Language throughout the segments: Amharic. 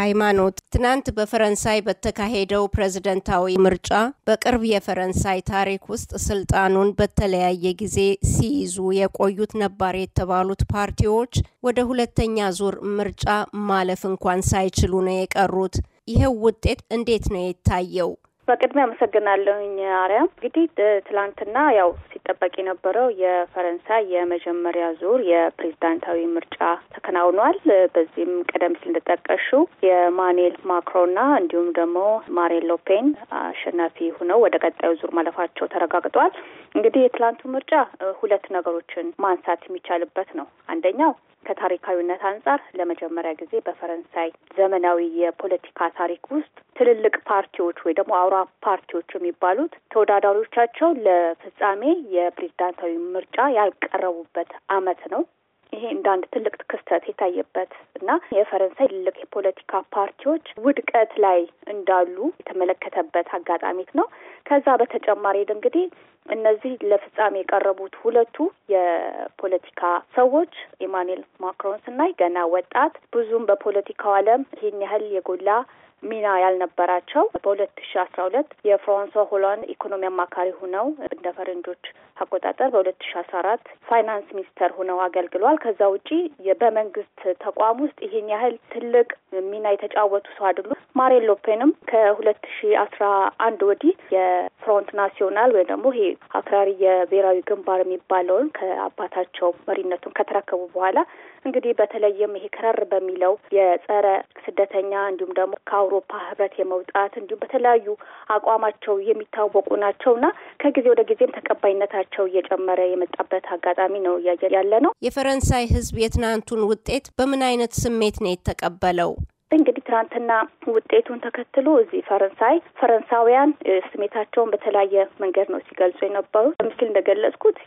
ሃይማኖት ትናንት በፈረንሳይ በተካሄደው ፕሬዝደንታዊ ምርጫ በቅርብ የፈረንሳይ ታሪክ ውስጥ ስልጣኑን በተለያየ ጊዜ ሲይዙ የቆዩት ነባር የተባሉት ፓርቲዎች ወደ ሁለተኛ ዙር ምርጫ ማለፍ እንኳን ሳይችሉ ነው የቀሩት። ይኸው ውጤት እንዴት ነው የታየው? በቅድሚያ አመሰግናለሁኝ አርያም። እንግዲህ ትላንትና ያው ሲጠበቅ የነበረው የፈረንሳይ የመጀመሪያ ዙር የፕሬዝዳንታዊ ምርጫ ተከናውኗል። በዚህም ቀደም ሲል እንደጠቀሹ የማኑኤል ማክሮንና እንዲሁም ደግሞ ማሪን ሎፔን አሸናፊ ሆነው ወደ ቀጣዩ ዙር ማለፋቸው ተረጋግጧል። እንግዲህ የትላንቱ ምርጫ ሁለት ነገሮችን ማንሳት የሚቻልበት ነው። አንደኛው ከታሪካዊነት አንጻር ለመጀመሪያ ጊዜ በፈረንሳይ ዘመናዊ የፖለቲካ ታሪክ ውስጥ ትልልቅ ፓርቲዎች ወይ ደግሞ አውራ ፓርቲዎች የሚባሉት ተወዳዳሪዎቻቸው ለፍጻሜ የፕሬዝዳንታዊ ምርጫ ያልቀረቡበት አመት ነው። ይሄ እንደ አንድ ትልቅ ክስተት የታየበት እና የፈረንሳይ ትልቅ የፖለቲካ ፓርቲዎች ውድቀት ላይ እንዳሉ የተመለከተበት አጋጣሚት ነው። ከዛ በተጨማሪ እንግዲህ እነዚህ ለፍጻሜ የቀረቡት ሁለቱ የፖለቲካ ሰዎች ኢማኑኤል ማክሮን ስናይ ገና ወጣት ብዙም በፖለቲካው ዓለም ይህን ያህል የጎላ ሚና ያልነበራቸው በሁለት ሺ አስራ ሁለት የፍራንሷ ሆላንድ ኢኮኖሚ አማካሪ ሆነው እንደ ፈረንጆች አቆጣጠር በሁለት ሺ አስራ አራት ፋይናንስ ሚኒስተር ሆነው አገልግሏል። ከዛ ውጪ በመንግስት ተቋም ውስጥ ይሄን ያህል ትልቅ ሚና የተጫወቱ ሰው አይደሉም። ማሪን ሎፔንም ከሁለት ሺ አስራ አንድ ወዲህ የፍሮንት ናሲዮናል ወይም ደግሞ ይሄ አክራሪ የብሔራዊ ግንባር የሚባለውን ከአባታቸው መሪነቱን ከተረከቡ በኋላ እንግዲህ በተለይም ይሄ ከረር በሚለው የጸረ ስደተኛ እንዲሁም ደግሞ ከአውሮ ከአውሮፓ ህብረት የመውጣት እንዲሁም በተለያዩ አቋማቸው የሚታወቁ ናቸውና ከጊዜ ወደ ጊዜም ተቀባይነታቸው እየጨመረ የመጣበት አጋጣሚ ነው እያየ ያለ ነው። የፈረንሳይ ህዝብ የትናንቱን ውጤት በምን አይነት ስሜት ነው የተቀበለው? እንግዲህ ትናንትና ውጤቱን ተከትሎ እዚህ ፈረንሳይ ፈረንሳውያን ስሜታቸውን በተለያየ መንገድ ነው ሲገልጹ የነበሩ። በምስል እንደገለጽኩት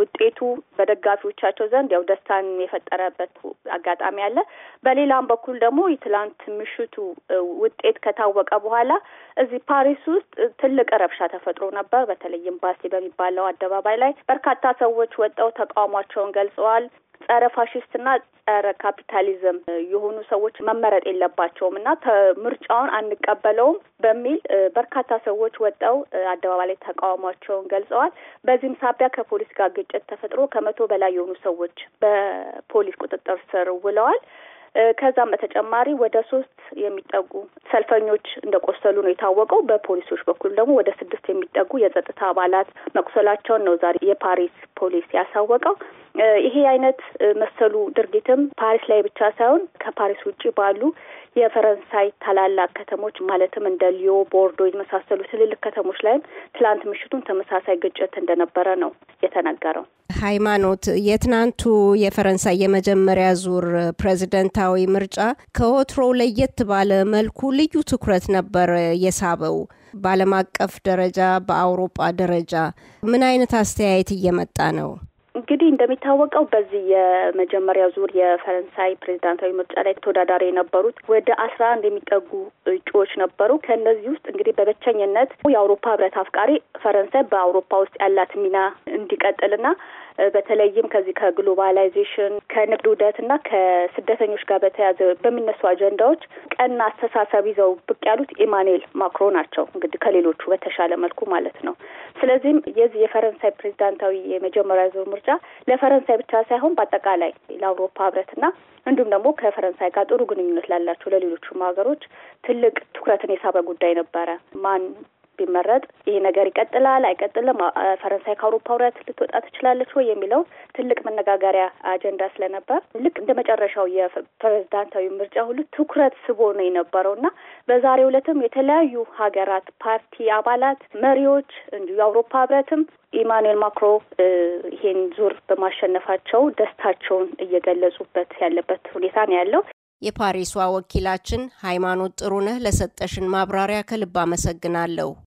ውጤቱ በደጋፊዎቻቸው ዘንድ ያው ደስታን የፈጠረበት አጋጣሚ አለ። በሌላም በኩል ደግሞ የትላንት ምሽቱ ውጤት ከታወቀ በኋላ እዚህ ፓሪስ ውስጥ ትልቅ ረብሻ ተፈጥሮ ነበር። በተለይ ኤምባሲ በሚባለው አደባባይ ላይ በርካታ ሰዎች ወጠው ተቃውሟቸውን ገልጸዋል። ጸረ ፋሽስትና ጸረ ካፒታሊዝም የሆኑ ሰዎች መመረጥ የለባቸውም እና ምርጫውን አንቀበለውም በሚል በርካታ ሰዎች ወጠው አደባባይ ላይ ተቃውሟቸውን ገልጸዋል። በዚህም ሳቢያ ከፖሊስ ጋር ግጭት ተፈጥሮ ከመቶ በላይ የሆኑ ሰዎች በፖሊስ ቁጥጥር ስር ውለዋል። ከዛም በተጨማሪ ወደ ሶስት የሚጠጉ ሰልፈኞች እንደቆሰሉ ነው የታወቀው። በፖሊሶች በኩል ደግሞ ወደ ስድስት የሚጠጉ የጸጥታ አባላት መቁሰላቸውን ነው ዛሬ የፓሪስ ፖሊስ ያሳወቀው። ይሄ አይነት መሰሉ ድርጊትም ፓሪስ ላይ ብቻ ሳይሆን ከፓሪስ ውጭ ባሉ የፈረንሳይ ታላላቅ ከተሞች ማለትም እንደ ሊዮ፣ ቦርዶ የመሳሰሉ ትልልቅ ከተሞች ላይም ትላንት ምሽቱን ተመሳሳይ ግጭት እንደነበረ ነው የተነገረው። ሃይማኖት፣ የትናንቱ የፈረንሳይ የመጀመሪያ ዙር ፕሬዚደንታዊ ምርጫ ከወትሮው ለየት ባለ መልኩ ልዩ ትኩረት ነበር የሳበው። በዓለም አቀፍ ደረጃ በአውሮፓ ደረጃ ምን አይነት አስተያየት እየመጣ ነው? እንግዲህ እንደሚታወቀው በዚህ የመጀመሪያ ዙር የፈረንሳይ ፕሬዚዳንታዊ ምርጫ ላይ ተወዳዳሪ የነበሩት ወደ አስራ አንድ የሚጠጉ እጩዎች ነበሩ። ከእነዚህ ውስጥ እንግዲህ በብቸኝነት የአውሮፓ ህብረት አፍቃሪ ፈረንሳይ በአውሮፓ ውስጥ ያላት ሚና እንዲቀጥልና በተለይም ከዚህ ከግሎባላይዜሽን ከንግድ ውደት እና ከስደተኞች ጋር በተያያዘ በሚነሱ አጀንዳዎች ቀና አስተሳሰብ ይዘው ብቅ ያሉት ኢማኑኤል ማክሮ ናቸው። እንግዲህ ከሌሎቹ በተሻለ መልኩ ማለት ነው። ስለዚህም የዚህ የፈረንሳይ ፕሬዚዳንታዊ የመጀመሪያ ዙር ምርጫ ለፈረንሳይ ብቻ ሳይሆን በአጠቃላይ ለአውሮፓ ህብረትና እንዲሁም ደግሞ ከፈረንሳይ ጋር ጥሩ ግንኙነት ላላቸው ለሌሎቹም ሀገሮች ትልቅ ትኩረትን የሳበ ጉዳይ ነበረ። ማን ቢመረጥ ይህ ነገር ይቀጥላል አይቀጥልም፣ ፈረንሳይ ከአውሮፓ ህብረት ልትወጣ ትችላለች ወይ የሚለው ትልቅ መነጋገሪያ አጀንዳ ስለነበር ልክ እንደ መጨረሻው የፕሬዝዳንታዊ ምርጫ ሁሉ ትኩረት ስቦ ነው የነበረው እና በዛሬው ዕለትም የተለያዩ ሀገራት ፓርቲ አባላት፣ መሪዎች እንዲሁ የአውሮፓ ህብረትም ኢማኑኤል ማክሮ ይሄን ዙር በማሸነፋቸው ደስታቸውን እየገለጹበት ያለበት ሁኔታ ነው ያለው። የፓሪሷ ወኪላችን ሃይማኖት ጥሩነህ ለሰጠሽን ማብራሪያ ከልብ አመሰግናለሁ።